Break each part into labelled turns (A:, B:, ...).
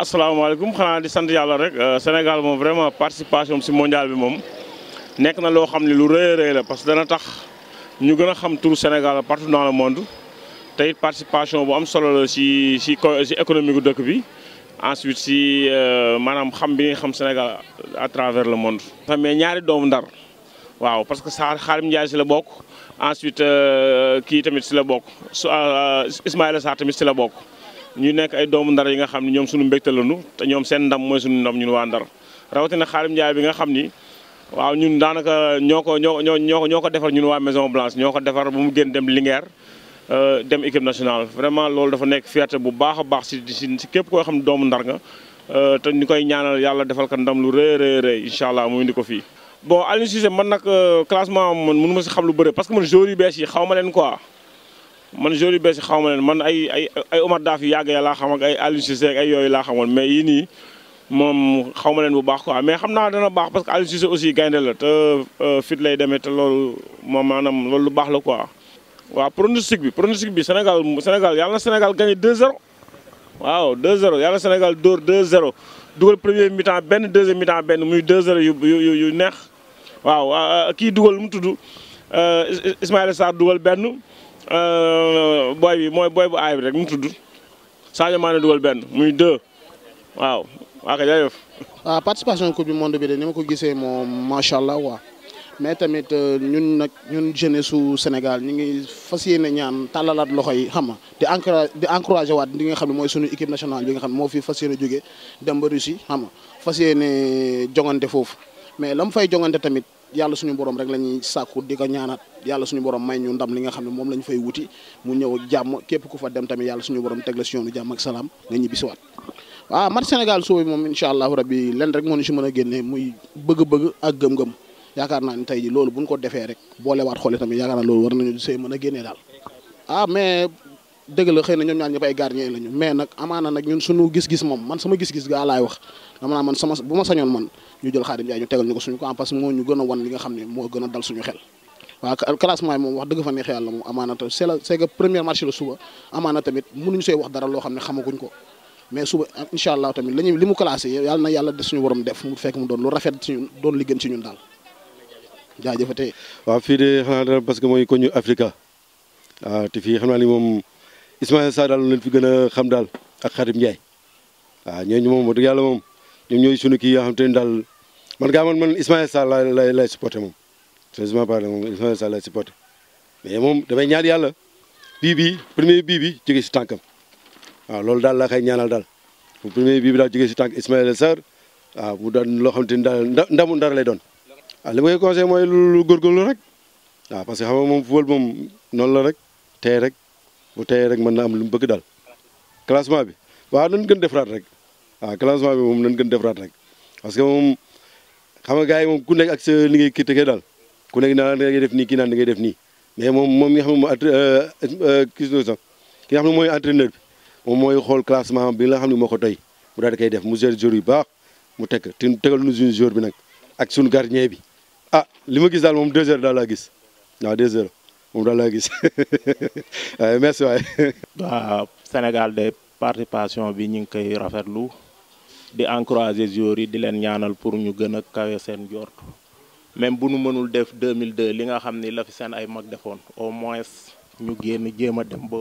A: asalaamaaleykum xanaa di sant yàlla rek euh, Sénégal moom vraiment participation si mondial bi moom nekk na loo xam ne lu rëy a la parce que dana tax ñu gën a xam turu Sénégal partout dans le monde participation bu am solo la si si si économie gu dëkk bi ensuite si euh, maanaam xam bi nga xam Sénégal à travers le monde. mais ñaari doomu ndar waaw parce que Saar Xaarim Ndiaye si la bokk ensuite euh, kii tamit si la bokk Ismaïla Sarr tamit si la bokk. ñu nekk ay doomu ndar yi nga xam ne ñoom suñu mbégte te ñoom seen ndam mooy suñu ndam ñun waa ndar rawatina Xaadim Njaay bi nga xam ni waaw ñun daanaka ñoo ko ñoo ñoo ñoo ko defar ñun waa Maison Blanche ñoo ko defar ba mu génn dem Linguère euh, dem équipe nationale vraiment loolu dafa nekk fierté bu baax a baax si si képp koo xam ne doomu ndar nga euh, te ñu koy ñaanal yàlla defal ko ndam lu rëy rëy rëy allah mu indi ko fii. bon Aliou Cissé man nag euh, classement man mënu ma si xam lu bëri parce que man joueurs yu bees yi xaw ma leen quoi. man joueurs yu bees xaw ma leen man ay ay ay Omar Daaf yu yàgg ya laa xam ak ay Aliou Cissé ay yooyu laa xamoon mais yii nii moom xaw ma leen bu baax quoi mais xam naa dana baax parce que Aliou Cissé aussi gaynde la te euh, fit lay demee te loolu moom maanaam loolu lu baax la quoi. waaw pronostic bi pronostic bi Sénégal Sénégal yàlla la Sénégal gagné 2-0 waaw 2-0 yàlla na Sénégal dóor 2-0 dugal premier mi benn deuxième mi benn muy 2-0 yu yu yu neex waaw kii dugal lu mu tudd euh, Ismaïla Sarr dugal Euh, booy bi mooy booy bu aay bi rek mu tudd Sadio Mané dugal benn muy deux waaw waa kay jaajëf.
B: waaw ah, participation coupe du monde bi de ni ma ko gisee moom macha allah waa mais tamit euh, ñun nag ñun jeunesse su Sénégal ñu ngi fas yéene ñaan tàllalaat loxo yi xam nga di encouragé di encouragé waat li nga xam ne mooy suñu équipe nationale bi nga xam ne moo fi fas yéene jógee dem ba Russie xam fas yéene jongante foofu mais la mu fay jongante tamit. yalla suñu borom rek lañuy sakku diko ñaanat yalla suñu borom may ñu ndam li nga xamne mom lañ fay wuti mu ñew ak jamm képp ku fa dem tamit yalla suñu borom tegg la si yoonu jàmm ak salam nga ñibbisiwaat wat wa Sénégal senegal soobi mom inshallah rabbi len rek mo ñu ci mëna a muy bëgg-bëgg ak gëm-gëm yaakar naa ni ji loolu buñ ko défé rek wat xolé tamit yaakar na loolu war nañu sey mëna a dal ah mais dëgg la xeyna ñom ñaan ñaar ñëpp gardien lañu mais nak amana nak ñun suñu gis-gis mom man sama gis-gis ga lay wax dama na man sama buma sañon man ñu jël Khadim Ndiaye ñu tegal ñu ko suñu ko parce que moo ñu gën a wan li nga xam ne moo gën a dal suñu xel waaw classement yi moom wax dëgg fa neex yàlla moom loo xam ne xamaguñ ko mais suba incha allah tamit lañu li mu classé yàlla na yàlla de suñu borom def mu fekk mu doon lu fii
C: de xanaa parce que mooy ko ñu Africa waaw naa ni moom Ismaïla Sarr daal leen fi gën a xam daal ak Khadim Ndiaye waaw ñooñu moom wax dëgg yàlla moom ñoom ñooy sunu kii yoo xam te ne daal man gaa man man Ismaïla Sarr laay laay laay supporté moom sérieusement moom Ismaïla Sarr laay supporté mais moom damay ñaan yàlla bii bii premier bii bi jógee si tànkam waaw loolu daal laa koy ñaanal daal pour premier bii bi daal jógee si tànk Ismaïla Sarr waaw mu doon loo xamante ni daal ndamu ndara lay doon a li ma koy conseillé mooy lu góorgóorlu rek waaw parce que xam moom football moom noonu la rek tey rek bu tey rek mën na am lu mu bëgg daal classement bi waaw nañ gën defaraat rek waaw classement bi moom nañ gën defaraat rek parce que moom xam nga gars yi moom ku nekk ak sa li ngay critiqué daal ku nekk naan da ngay def nii kii naan da def nii mais moom moom nga xam ne moom euh, euh, kii sax ki nga xam ne mooy entraîneur bi moom mooy xool classement bi nga xam ne moo ko doy mu daal di koy def mu gérer joueur yu baax mu teg te tegal nu suñu bi nag ak suñu gardien bi ah li ma gis daal moom deux heures daal laa gis waaw deux heures moom daal laa gis waaye merci waay.
D: waaw Sénégal de participation bi ñu ngi koy rafetlu. di encourager joueurs yi di leen ñaanal pour ñu gën a kawe seen joor même bu nu mënul def 2002 li nga xam ni la seen ay mag defoon au moins ñu génn jéem a dem ba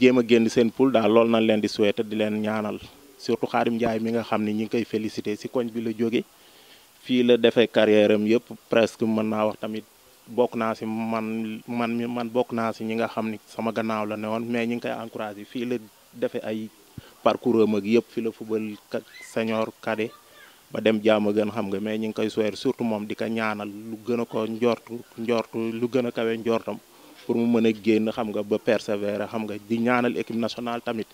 D: jéem a génn seen poule daal loolu nañ leen di souhaiter di leen ñaanal surtout Khadim Ndiaye mi nga xam ni ñi ngi koy félicité ci koñ bi la jóge fii la defee carrière am yëpp presque mën naa wax tamit bokk naa ci man man man bokk naa ci ñi nga xam ni sama gannaaw la ne woon mais ñi ngi koy encourager fii la defee ay parcours am ak yépp fi la football senior kadé ba dem jaama gën xam nga mais ñu ngi koy souhaiter surtout mom di ka ñaanal lu gëna ko njortu njortu lu gëna kawé kawe njortam pour mu mëna a génn xam nga ba persévérer xam nga di ñaanal équipe nationale tamit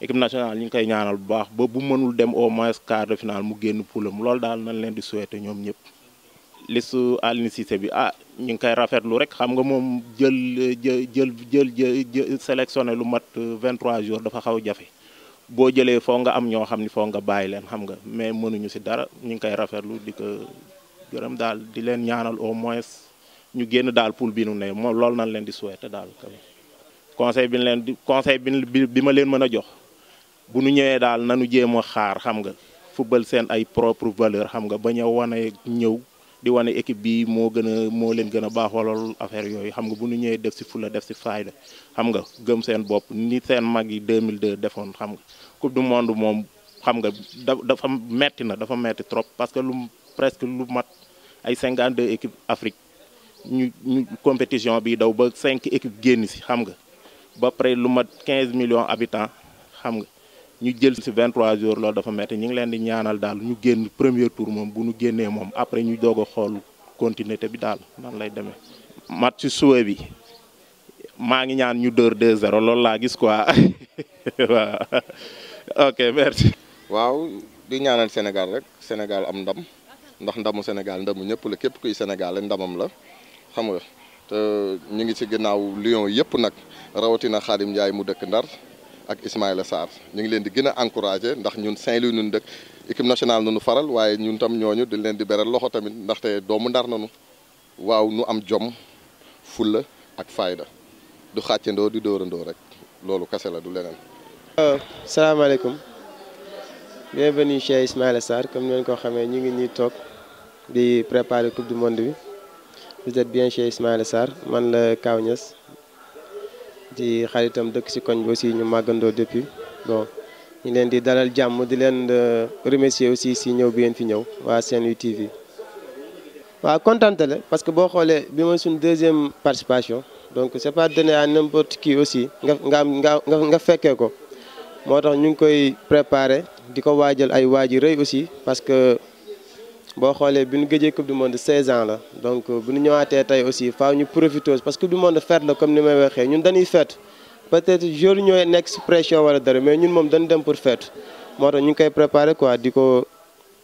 D: équipe nationale ñu ngi koy ñaanal bu baax ba bu mënul dem au moins quart de finale mu génn poulam lool daal nañ leen di souhaiter ñoom ñëpp listu Aliou Cissé bi ah ñu ngi koy rafetlu rek xam nga moom jël jël jël jël sélectionné lu mat 23 jours dafa xaw jafe boo jëlee foo nga am ñoo xam ni foo nga bàyyi leen xam nga mais mënuñu si dara ñu ngi koy rafetlu di ko gërëm daal di leen ñaanal au moins ñu génn daal poule bi nu ne moom loolu nañ leen di te daal. conseil bi nu leen di conseil bi bi ma leen mën a jox bu nu ñëwee daal nanu jéem a xaar xam nga fubal seen ay propre valeur xam nga ba a wane ñëw. di wane équipe bi moo gën a moo leen gën a baax affaire yooyu xam nga bu ñu ñëwee def si fula def si fayda xam nga gëm seen bopp ni seen mag yi deux mille 2002 defoon xam nga coupe du monde moom xam nga da dafa metti na dafa metti trop parce que lu presque lu mat ay 52 équipe Afrique ñu ñu compétition bii daw ba cinq équipes génn si xam nga ba pare lu mat quinze millions habitants xam nga. ñu jël si 23 jours lool dafa metti ñu ngi leen di ñaanal daal ñu génn premier tour moom bu ñu génnee moom après ñu doog a xool continuité bi daal nan lay demee. mat ci suwe bi maa ngi ñaan ñu dóor 2-0
E: lool laa gis quoi waaw ok merci. waaw di ñaanal Sénégal rek Sénégal am ndam ndax ndamu Sénégal ndamu ñëpp la képp kuy Sénégal ndamam la xam nga te ñu ngi ci ginnaaw Lions yëpp nag rawatina Khadim Ndiaye mu dëkk Ndar. ak Ismaïla Sarr ñu ngi leen di gën a encouragé ndax ñun Saint-Louis ñun dëkk équipe nationale nu faral waaye ñun tam ñooñu du leen di beral loxo tamit ndaxte doomu ndar nanu waaw nu am jom fulla ak fayda du xàccandoo di dóorandoo rek loolu kase la du leneen. Euh, salaamaaleykum bienvenue chez Ismaïla Sarr comme ni ko xamee ñu ngi nii toog di préparer coupe du monde bi vous êtes bien chez Ismaïla Sarr man la Kaw Niass di xaritam dëkk ci koñ bi aussi ñu màggandoo depuis bon ñu leen di dalal jàmm di leen euh, remercier aussi si ñëw bi ngeen fi ñëw waa saint TV. waaw contente la parce que boo xoolee bi mooy suñu deuxième participation donc c'est pas donné à n'importe qui aussi nga nga nga nga fekkee ko moo tax ñu ngi koy préparer di ko waajal ay waaj rëy aussi parce que. boo xoolee bi ñu gëjee coupe du monde 16 ans la donc bu ñu ñëwaatee tey aussi faaw ñu profité parce que coupe du monde fête la comme ni may waxee ñun dañuy fête peut-être jour ñooy nekk si pression a dara mais ñun moom dañu dem pour fête moo tax ñu koy préparé quoi di ko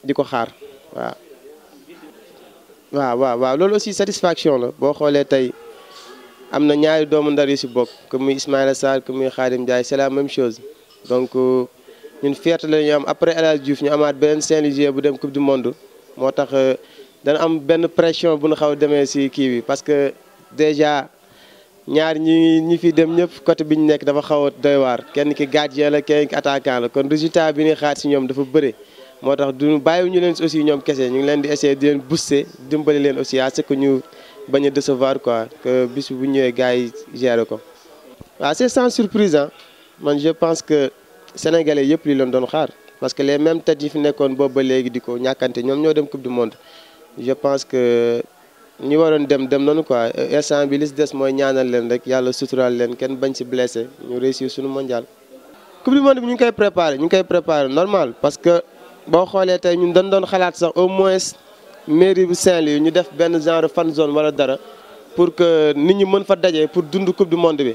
E: di ko xaar waaw. waaw waaw waaw loolu aussi satisfaction la boo xoolee tey am na ñaari doomu ndar si bokk que muy a Sarr que muy Khadim Ndiaye c'est la même chose donc euh, ñun fierté la ñu am après El ñu amaat beneen Saint-Louis bu dem coupe du moo tax euh, dana am ben pression bu ñu xaw démé ci si bi parce que déjà ñaar ñi ñi fi dem ñëpp côté bi nek dafa xaw doy war kenn ki gardien la kenn ki attaquant la kon résultat bi ñuy xaar si ñoom dafa bëre. motax tax bayu ñu leen aussi ñom kessé ñu ngi leen di essayer di leen booster dimbali leen aussi à ce que ñu baña décevoir quoi que bis bu ñëwé gaay yi géré ko. waaw c'est sans surprise hein. man je pense que sénégalais yëpp li leen doon xaar. parce que les mêmes têtes yi fi nekkoon boobu ba léegi di ko ñàkkante ñoom ñoo dem coupe du monde je pense que ñu waroon dem dem noonu ko instant bi lis si des mooy ñaanal leen rek yàlla sutural leen kenn bañ si blessé ñu réussir suñu mondial. coupe du monde bi ñu ngi koy préparé ñu ngi koy préparé normal parce que boo xoolee tey ñun dañ doon xalaat sax au moins mairie bu Saint-Louis ñu def benn genre fan zone wala dara pour que nit ñi mën fa daje pour dund coupe du monde bi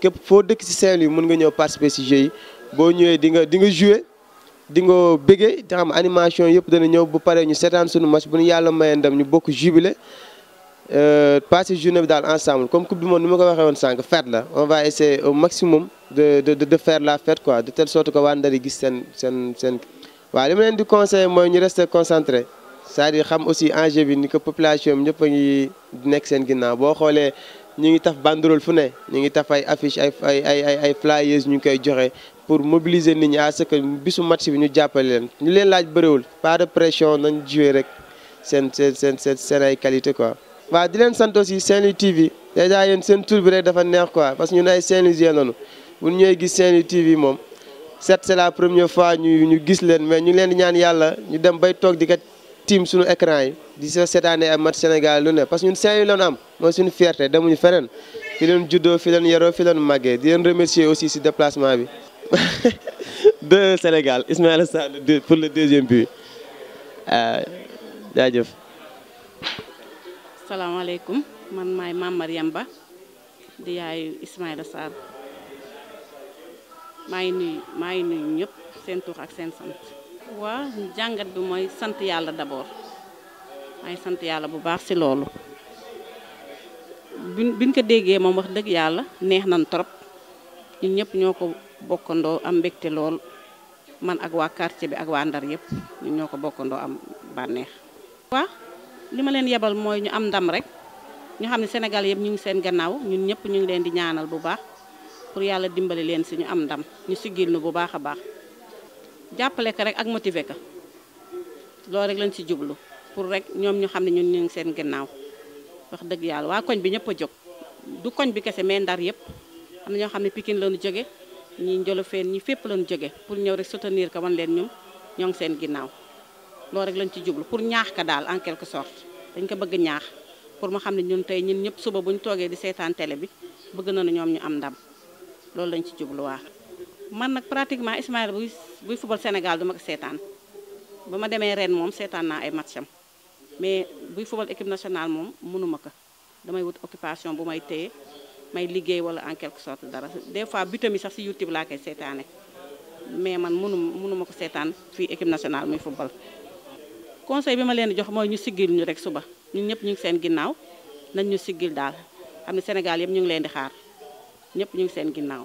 E: képp foo dëkk si Saint-Louis mën nga ñëw participer si jeu yi boo ñëwee di nga di nga jouer di nga bëggee te xam animation yëpp dana ñëw bu paree ñu seetaan suñu match bu ñu yàlla mayee ñu bokk jubilé euh, passer journée bi daal ensemble comme coupe du monde ni ma ko waxee woon sànq fête la on va essayer au maximum de de de faire la fête quoi de telle sorte que waa Ndar yi gis seen seen seen. waaw li ma leen di conseiller mooy ñu rester concentré c'est-à-dire xam aussi enjeu bi ni ko population bi ñëpp a ngi nekk seen ginnaaw boo xoolee. ñu ngi taf banderole fu ne ñu ngi taf ay affiche ay ay ay ay ñu ngi koy joxe pour mobiliser nit ñi à ce que bisu match bi ñu jàppale leen ñu leen laaj bëriwul pas de pression nañ jouer rek seen seen seen seen seen ay qualité quoi. waaw di leen sant aussi Saint-Louis TV déjà yéen seen tur bi rek dafa neex quoi parce que ñun ay Saint-Louisiens gis Saint-Louis TV moom certes c'est la première fois ñu ñu gis leen mais ñu leen di ñaan yàlla ñu dem bay toog di kat tiim suñu écran yi di sa seetaanee am match Sénégal lu ne parce que ñun Saint-Louis la ñu am mooy suñu fierté demuñu feneen fi leen juddoo fi leen yaroo fi leen màggee di leen remercier aussi si déplacement bi. de Sénégal Ismaïla Sarr pour le deuxième but euh, jaajëf.
F: salaamaaleykum man maay Mame Mariam ngi nuyu maa seen tur ak seen sant. waa jangat bi moy sante yalla d'abord ay sante yalla bu baax ci lolu biñ ko déggé mom wax dëgg yalla neex nañ trop ñun ñëpp ñoko ko am mbégte lool man ak wa quartier bi ak wa Ndar yëpp ñun ñoko ko am bànneex waa lima ma leen yabal moy ñu am ndam rek ñu xamni ne Sénégal yëpp ñu ngi seen gannaaw ñun ñëpp ñu ngi leen di ñaanal bu baax pour yalla dimbali leen ci ñu am ndam ñu sigil nu bu baaxa baax jappalé ko rek ak motivé ko lo rek lañ ci djublu pour rek ñom ñu xamni ñun ñu ngi seen gennaw wax deug yalla wa koñ bi ñepp jog du koñ bi kessé mais ndar yépp am ñoo xamni Pikine lañu joggé ñi njolofeen ñi fépp lañu joggé pour ñew rek soutenir ko man leen ñun ñong seen ginnaaw lo rek lañ ci djublu pour ñaax ka dal en quelque sorte dañ ko bëgg ñaax pour mu xamni ñun tay ñin ñepp suba buñ ñu di sétan télé bi bëgg na ne ñoom ñu am ndam loolu lañ ci djublu waa man nag pratiquement Ismaïla buy buy football Sénégal duma ko seetaan ba ma demee reen moom seetaan naa ay matcham mais buy football équipe nationale moom mënuma ko damay wut occupation bu may téye may liggéey wala en quelque sorte dara des fois butam yi sax si YouTube laa koy seetaane mais man mënu mënuma ko seetaan fii équipe nationale muy football. conseil bi ma leen di jox mooy ñu siggil ñu rek suba ñu ñëpp ñu ngi seen ginnaaw nañ ñu siggil daal xam ne Sénégal yëpp ñu ngi leen di xaar ñëpp ñu ngi seen ginnaaw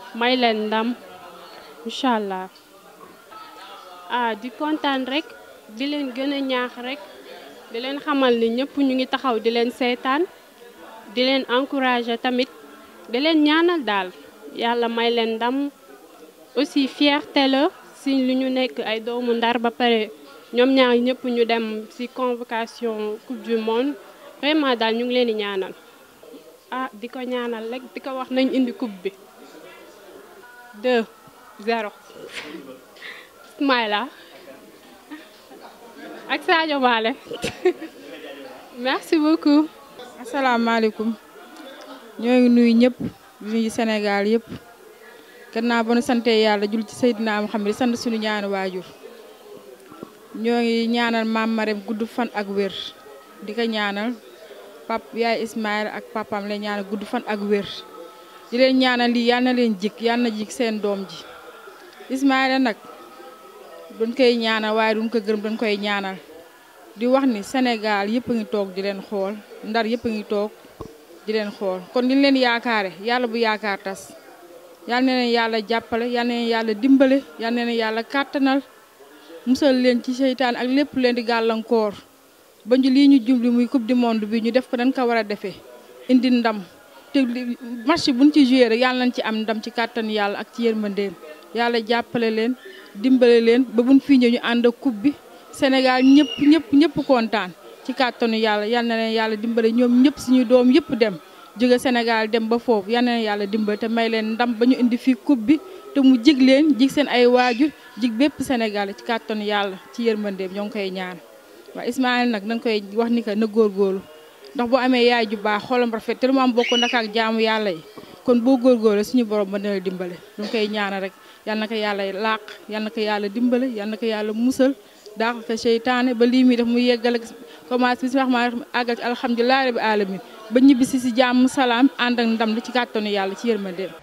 G: may leen ndam incha allah ah di kontaan rek di leen gën a ñaax rek di leen xamal ni ñëpp ñu ngi taxaw di leen seetaan di leen encourager tamit di leen ñaanal daal yàlla may leen ndam aussi fierté la si lu ñu nekk ay doomu ndar ba pare ñoom ñaar ñëpp ñu dem si convocation coupe du monde vraiment daal ñu ngi leen di ñaanal ah di ko ñaanal rek di ko wax nañ indi coupe bi. deux zéro ak saajo maale
H: merci beaucoup asalaamaaleykum ñoo ngi nuyu ñëpp nuyu Sénégal yëpp gannaaw ba nu sante yàlla jul ci Seydina Muhammad sant suñu ñaanu waajur ñoo ngi ñaanal maam Marème gudd fan ak wér di ñaanal pap yaay Ismaïla ak papam la ñaanal gudd fan ak wér di leen ñaanal lii yal na leen jik yal na seen doom ji Ismaïla nag duñ koy ñaanal waaye duñ ko gërëm dañ koy ñaanal di wax ni senegaal yëpp a ngi toog di leen xool ndar yëpp a ngi toog di leen xool kon liñ leen yaakaare yàlla bu yaakaar tas yal na leen yàlla jàppale yal na leen yàlla dimbale yal yàlla kàttanal musal leen ci seytaan ak lépp leen di gàllankoor ba ñu lii ñu jubli muy coupe di monde bi ñu def ko dañ ko war a defee indi ndam te match bu ñu ci joué rek yàlla nañ ci am ndam ci kàttan yàlla ak ci yërmandeem yàlla jàppale leen dimbale leen ba bu ñu fi ñëw ñu ànd ak coupe bi Sénégal ñëpp ñëpp ñëpp kontaan ci kàttanu yàlla na leen yàlla dimbale ñoom ñëpp suñu doom yëpp dem jóge Sénégal dem ba foofu yal na yàlla dimbale te may leen ndam ba ñu indi fii coupe bi te mu jig leen jig seen ay waajur jig bépp Sénégal ci kàttanu yàlla ci yërmandeem ñoo ngi koy ñaan waaw Ismaël nag dañ koy wax ni que na ndax boo amee yaay ju baax xoolam rafet te lu ma am bokkoon ak jaamu yàlla yi kon boo góorgóorloo suñu borom mën na la dimbale ñu koy ñaanal rek yal na yàlla làq yal ko yàlla dimbale yal na ko yàlla musal daaxal ko seytaane ba lii muy def mu yeggal ak commencé bismillahi rahmaani rahiim àggal ci alhamdulilahi rabbi alamin ba ñibbisi si jàmm salaam ànd ak ndam li ci kàttanu yàlla ci yërmandeem